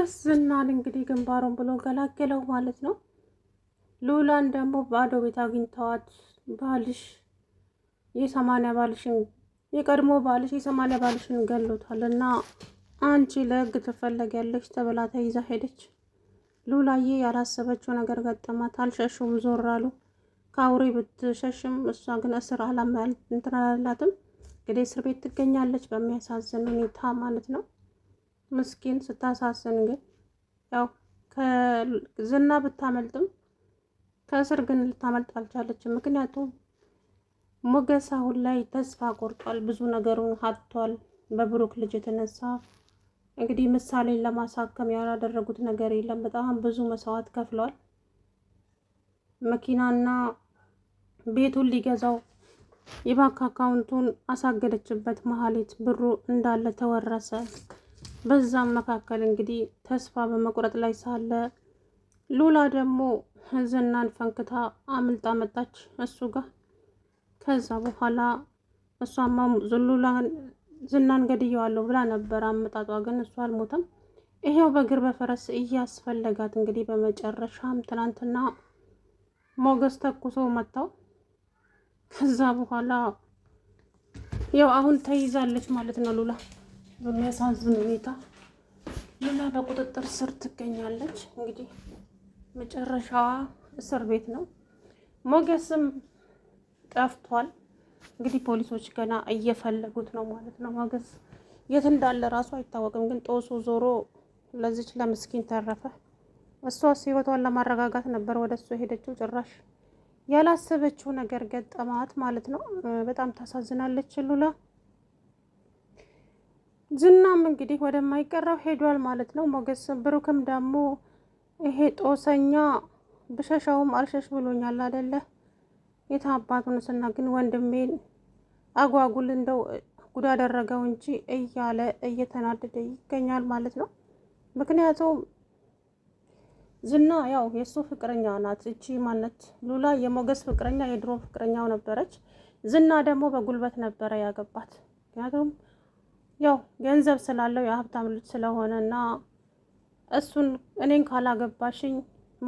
ሞገስ ዝናን እንግዲህ ግንባሩን ብሎ ገላገለው ማለት ነው። ሉላን ደግሞ ባዶ ቤት አግኝተዋት ባልሽ የሰማንያ ባልሽን የቀድሞ ባልሽ የሰማንያ ባልሽን ገሎታል እና አንቺ ለህግ ትፈለጊያለሽ ተብላ ተይዛ ሄደች። ሉላዬ ያላሰበችው ነገር ገጠማት። አልሸሹም፣ ዞር አሉ። ከአውሬ ብትሸሽም እሷ ግን እስር አላማ እንትን አላላትም። እንግዲህ እስር ቤት ትገኛለች በሚያሳዝን ሁኔታ ማለት ነው። ምስኪን ስታሳስን ግን ያው ከዝና ብታመልጥም ከእስር ግን ልታመልጥ አልቻለችም። ምክንያቱም ሞገስ አሁን ላይ ተስፋ ቆርጧል፣ ብዙ ነገሩን ሀጥቷል። በብሩክ ልጅ የተነሳ እንግዲህ ምሳሌን ለማሳከም ያላደረጉት ነገር የለም። በጣም ብዙ መስዋዕት ከፍለዋል። መኪናና ቤቱን ሊገዛው የባንክ አካውንቱን አሳገደችበት መሀሌት። ብሩ እንዳለ ተወረሰ። በዛም መካከል እንግዲህ ተስፋ በመቁረጥ ላይ ሳለ ሉላ ደግሞ ዝናን ፈንክታ አምልጣ መጣች እሱ ጋር። ከዛ በኋላ እሷማ ሉላን ዝናን ገድየዋለሁ ብላ ነበር አመጣጧ፣ ግን እሱ አልሞተም። ይሄው በእግር በፈረስ እያስፈለጋት እንግዲህ በመጨረሻም ትናንትና ሞገስ ተኩሶ መጥተው ከዛ በኋላ ያው አሁን ተይዛለች ማለት ነው ሉላ በሚያሳዝን ሁኔታ ሉላ በቁጥጥር ስር ትገኛለች። እንግዲህ መጨረሻዋ እስር ቤት ነው። ሞገስም ጠፍቷል። እንግዲህ ፖሊሶች ገና እየፈለጉት ነው ማለት ነው። ሞገስ የት እንዳለ ራሱ አይታወቅም። ግን ጦሱ ዞሮ ለዚች ለምስኪን ተረፈ። እሷስ ህይወቷን ለማረጋጋት ነበር ወደ እሱ የሄደችው። ጭራሽ ያላሰበችው ነገር ገጠማት ማለት ነው። በጣም ታሳዝናለች ሉላ። ዝናም እንግዲህ ወደማይቀረው ሄዷል ማለት ነው። ሞገስ ብሩክም ደግሞ ይሄ ጦሰኛ ብሸሻውም አልሸሽ ብሎኛል አደለ? የት አባቱንስና ግን ወንድሜን አጓጉል እንደው ጉዳ አደረገው እንጂ እያለ እየተናደደ ይገኛል ማለት ነው። ምክንያቱም ዝና ያው የእሱ ፍቅረኛ ናት እቺ ማነት ሉላ የሞገስ ፍቅረኛ የድሮ ፍቅረኛው ነበረች። ዝና ደግሞ በጉልበት ነበረ ያገባት ምክንያቱም ያው ገንዘብ ስላለው የሀብታም ልጅ ስለሆነ እና እሱን እኔን ካላገባሽኝ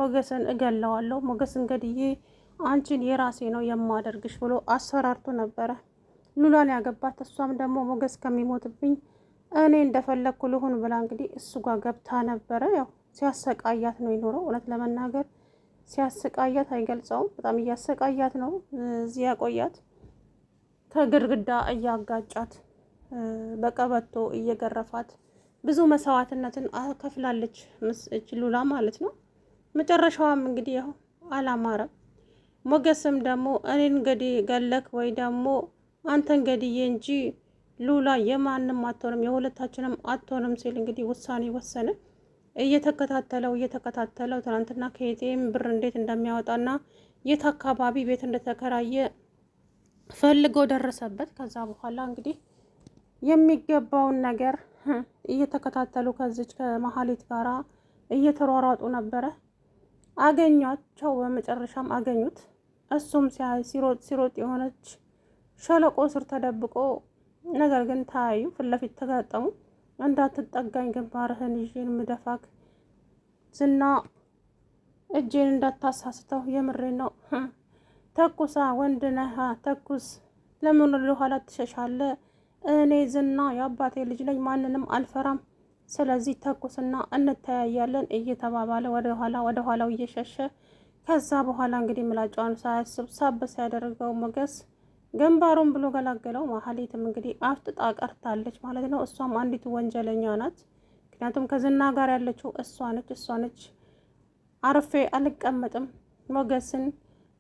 ሞገስን እገለዋለሁ፣ ሞገስን ገድዬ አንቺን የራሴ ነው የማደርግሽ ብሎ አስፈራርቶ ነበረ። ሉላን ያገባት እሷም ደግሞ ሞገስ ከሚሞትብኝ እኔ እንደፈለግኩ ልሁን ብላ እንግዲህ እሱ ጋር ገብታ ነበረ። ያው ሲያሰቃያት ነው የኖረው። እውነት ለመናገር ሲያሰቃያት አይገልጸውም። በጣም እያሰቃያት ነው እዚህ ያቆያት፣ እያጋጫት በቀበቶ እየገረፋት ብዙ መስዋዕትነትን ከፍላለች ሉላ ማለት ነው። መጨረሻዋም እንግዲህ ያው አላማረም። ሞገስም ደግሞ እኔ እንግዲህ ገለክ ወይ ደግሞ አንተ እንግዲህ እንጂ ሉላ የማንም አትሆንም የሁለታችንም አትሆንም ሲል እንግዲህ ውሳኔ ወሰነ። እየተከታተለው እየተከታተለው ትናንትና ከየቴም ብር እንዴት እንደሚያወጣና የት አካባቢ ቤት እንደተከራየ ፈልጎ ደረሰበት። ከዛ በኋላ እንግዲህ የሚገባውን ነገር እየተከታተሉ ከዚች ከመሀሊት ጋራ እየተሯሯጡ ነበረ። አገኟቸው። በመጨረሻም አገኙት። እሱም ሲያይ ሲሮጥ ሲሮጥ የሆነች ሸለቆ ስር ተደብቆ ነገር ግን ታያዩ። ፊት ለፊት ተጋጠሙ። እንዳትጠጋኝ ግንባርህን ይዤን ምደፋክ ዝና እጄን እንዳታሳስተው የምሬ ነው። ተኩሳ ወንድ ነህ ተኩስ። ለምን ወደ ኋላ ትሸሻለህ? እኔ ዝና የአባቴ ልጅ ነኝ፣ ማንንም አልፈራም። ስለዚህ ተኩስና እንተያያለን እየተባባለ ወደኋላ ወደኋላው እየሸሸ ከዛ በኋላ እንግዲህ ምላጫውን ሳያስብ ሳብስ ሲያደርገው ሞገስ ግንባሩን ብሎ ገላገለው። ማህሌትም እንግዲህ አፍጥጣ ቀርታለች ማለት ነው። እሷም አንዲቱ ወንጀለኛ ናት። ምክንያቱም ከዝና ጋር ያለችው እሷ ነች እሷ ነች። አርፌ አልቀመጥም፣ ሞገስን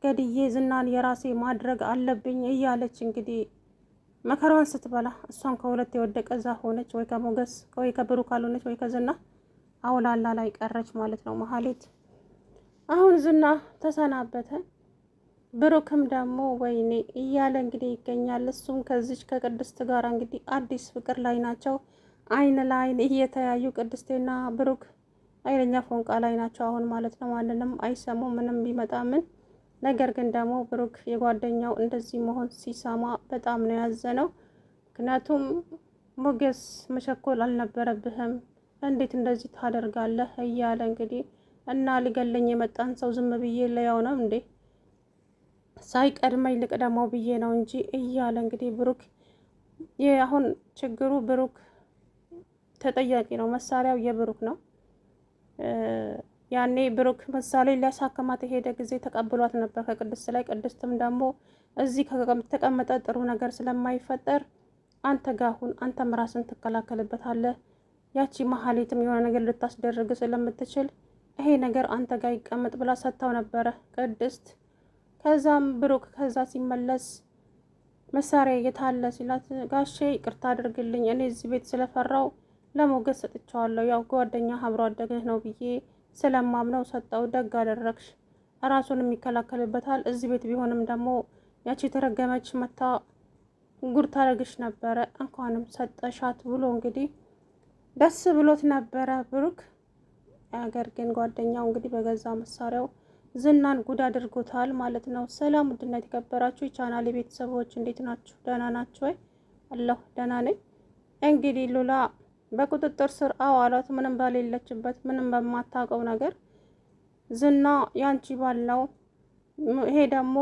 ገድዬ ዝናን የራሴ ማድረግ አለብኝ እያለች እንግዲህ መከራዋን ስትበላ እሷን ከሁለት የወደቀ ዛፍ ሆነች፣ ወይ ከሞገስ ወይ ከብሩ ካልሆነች ወይ ከዝና አውላላ ላይ ቀረች ማለት ነው መሀሌት። አሁን ዝና ተሰናበተ፣ ብሩክም ደግሞ ወይኔ እያለ እንግዲህ ይገኛል። እሱም ከዚች ከቅድስት ጋር እንግዲህ አዲስ ፍቅር ላይ ናቸው፣ አይን ለአይን እየተያዩ ቅድስቴና ብሩክ አይለኛ ፎንቃ ላይ ናቸው አሁን ማለት ነው። ማንንም አይሰሙ ምንም ቢመጣ ምን ነገር ግን ደግሞ ብሩክ የጓደኛው እንደዚህ መሆን ሲሰማ በጣም ነው ነው። ምክንያቱም ሞገስ መቸኮል አልነበረብህም፣ እንዴት እንደዚህ ታደርጋለህ እያለ እንግዲህ እና ሊገለኝ የመጣን ሰው ዝም ብዬ ለያው ነው እንዴ ሳይቀድመኝ ልቅደማው ብዬ ነው እንጂ እያለ እንግዲህ ብሩክ አሁን ችግሩ ብሩክ ተጠያቂ ነው። መሳሪያው የብሩክ ነው። ያኔ ብሩክ ምሳሌ ሊያሳክማት የሄደ ጊዜ ተቀብሏት ነበር ከቅድስት ላይ። ቅድስትም ደግሞ እዚህ ከተቀመጠ ጥሩ ነገር ስለማይፈጠር አንተ ጋር ሁን፣ አንተም ራስን ትከላከልበታለህ። ያቺ መሀሌትም የሆነ ነገር ልታስደርግ ስለምትችል ይሄ ነገር አንተ ጋር ይቀመጥ ብላ ሰጥታው ነበረ ቅድስት። ከዛም ብሩክ ከዛ ሲመለስ መሳሪያ የታለ ሲላት፣ ጋሼ ይቅርታ አድርግልኝ እኔ እዚህ ቤት ስለፈራው ለሞገስ ሰጥቸዋለሁ ያው ጓደኛ አብሮ አደግህ ነው ብዬ ስለማምነው ሰጠው። ደግ አደረግሽ። ራሱን የሚከላከልበታል። እዚህ ቤት ቢሆንም ደግሞ ያቺ የተረገመች መታ ጉድ ታደረግሽ ነበረ። እንኳንም ሰጠሻት ብሎ እንግዲህ ደስ ብሎት ነበረ ብሩክ። ነገር ግን ጓደኛው እንግዲህ በገዛ መሳሪያው ዝናን ጉድ አድርጎታል ማለት ነው። ሰላም ውድነት የከበራችሁ የቻናል ቤተሰቦች እንዴት ናችሁ? ደህና ናችሁ ወይ? አለሁ ደህና ነኝ። እንግዲህ ሉላ በቁጥጥር ስር አዋሏት። ምንም በሌለችበት ምንም በማታውቀው ነገር ዝና ያንቺ ባለው ይሄ ደግሞ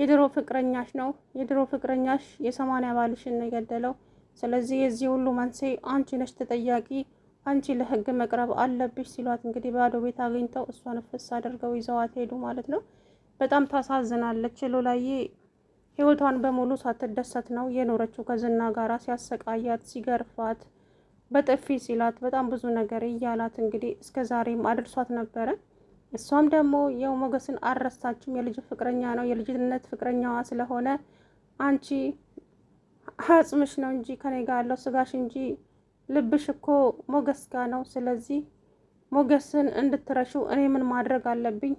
የድሮ ፍቅረኛሽ ነው፣ የድሮ ፍቅረኛሽ የሰማንያ ባልሽን ነው የገደለው። ስለዚህ የዚህ ሁሉ መንስኤ አንቺ ነሽ ተጠያቂ፣ አንቺ ለህግ መቅረብ አለብሽ ሲሏት እንግዲህ ባዶ ቤት አግኝተው እሷን ፍስ አድርገው ይዘዋት ሄዱ ማለት ነው። በጣም ታሳዝናለች። ሎላዬ ህይወቷን በሙሉ ሳትደሰት ነው የኖረችው ከዝና ጋራ ሲያሰቃያት ሲገርፋት በጥፊ ሲላት በጣም ብዙ ነገር እያላት እንግዲህ እስከ ዛሬም አድርሷት ነበረ። እሷም ደግሞ ያው ሞገስን አልረሳችም። የልጅ ፍቅረኛ ነው የልጅነት ፍቅረኛዋ ስለሆነ አንቺ አጽምሽ ነው እንጂ ከኔ ጋር ያለው ስጋሽ እንጂ ልብሽ እኮ ሞገስ ጋር ነው። ስለዚህ ሞገስን እንድትረሹ እኔ ምን ማድረግ አለብኝ?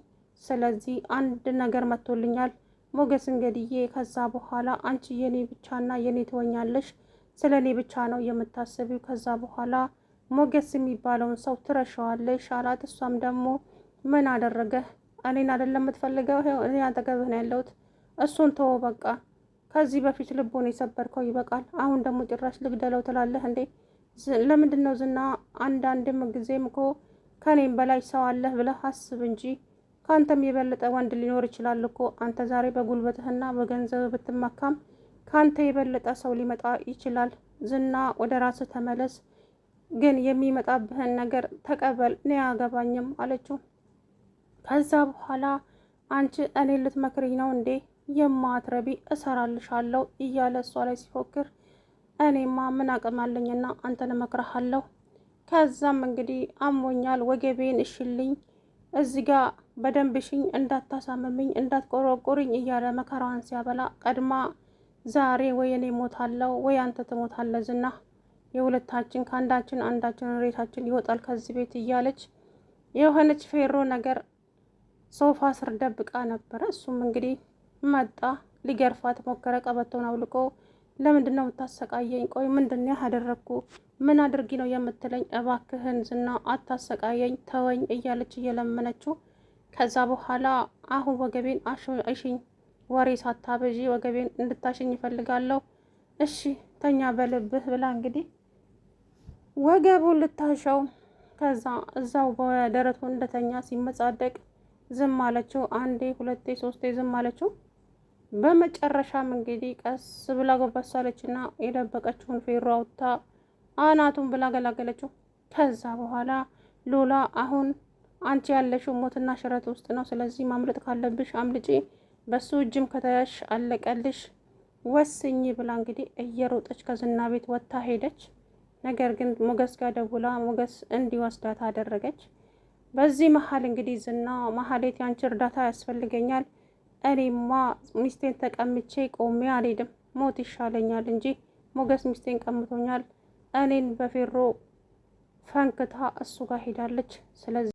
ስለዚህ አንድ ነገር መጥቶልኛል። ሞገስን ገድዬ ከዛ በኋላ አንቺ የኔ ብቻና የኔ ትወኛለሽ ስለ እኔ ብቻ ነው የምታስቢው። ከዛ በኋላ ሞገስ የሚባለውን ሰው ትረሻዋለሽ አላት። እሷም ደግሞ ምን አደረገህ? እኔን አይደለም የምትፈልገው? እኔ አጠገብህ ነው ያለሁት። እሱን ተወው በቃ። ከዚህ በፊት ልቦን የሰበርከው ይበቃል። አሁን ደግሞ ጭራሽ ልግደለው ትላለህ እንዴ? ለምንድን ነው ዝና? አንዳንድም ጊዜም እኮ ከኔም በላይ ሰው አለህ ብለህ አስብ እንጂ ከአንተም የበለጠ ወንድ ሊኖር ይችላል እኮ። አንተ ዛሬ በጉልበትህና በገንዘብ ብትመካም ካንተ የበለጠ ሰው ሊመጣ ይችላል። ዝና ወደ ራስህ ተመለስ፣ ግን የሚመጣብህን ነገር ተቀበል። እኔ አያገባኝም አለችው። ከዛ በኋላ አንቺ እኔ ልትመክሪኝ ነው እንዴ? የማትረቢ እሰራልሻለሁ እያለ እሷ ላይ ሲፎክር እኔማ ምን አቅም አለኝና አንተን እመክርሃለሁ። ከዛም እንግዲህ አሞኛል፣ ወገቤን እሽልኝ፣ እዚ ጋ በደንብ ሽኝ፣ እንዳታሳምምኝ፣ እንዳትቆረቁርኝ እያለ መከራዋን ሲያበላ ቀድማ ዛሬ ወይ እኔ ሞታለው ወይ አንተ ትሞታለህ ዝና የሁለታችን ከአንዳችን አንዳችን ሬታችን ይወጣል ከዚህ ቤት እያለች የሆነች ፌሮ ነገር ሶፋ ስር ደብቃ ነበረ። እሱም እንግዲህ መጣ ሊገርፋት ሞከረ። ቀበቶውን አውልቆ ለምንድን ነው የምታሰቃየኝ? ቆይ ምንድን ነው ያደረግኩ? ምን አድርጊ ነው የምትለኝ? እባክህን ዝና አታሰቃየኝ፣ ተወኝ እያለች እየለመነችው ከዛ በኋላ አሁን ወገቤን አሽኝ ወሬ ሳታበዢ ወገቤን እንድታሸኝ ይፈልጋለሁ። እሺ ተኛ በልብህ ብላ እንግዲህ ወገቡን ልታሸው ከዛ እዛው በደረቱ እንደተኛ ሲመጻደቅ ዝም አለችው። አንዴ ሁለቴ ሶስቴ ዝም አለችው። በመጨረሻም እንግዲህ ቀስ ብላ ጎንበስ አለችና የደበቀችውን ፌሮ አውጥታ አናቱን ብላ ገላገለችው። ከዛ በኋላ ሎላ አሁን አንቺ ያለሽው ሞትና ሽረት ውስጥ ነው። ስለዚህ ማምለጥ ካለብሽ አምልጪ በሱ እጅም ከተያሽ አለቀልሽ ወስኝ ብላ እንግዲህ እየሮጠች ከዝና ቤት ወጥታ ሄደች። ነገር ግን ሞገስ ጋር ደውላ ሞገስ እንዲወስዳት አደረገች። በዚህ መሀል እንግዲህ ዝና መሀሌት ያንቺ እርዳታ ያስፈልገኛል፣ እኔማ ሚስቴን ተቀምቼ ቆሜ አልሄድም፣ ሞት ይሻለኛል እንጂ ሞገስ ሚስቴን ቀምቶኛል፣ እኔን በፌሮ ፈንክታ እሱ ጋር ሄዳለች። ስለዚህ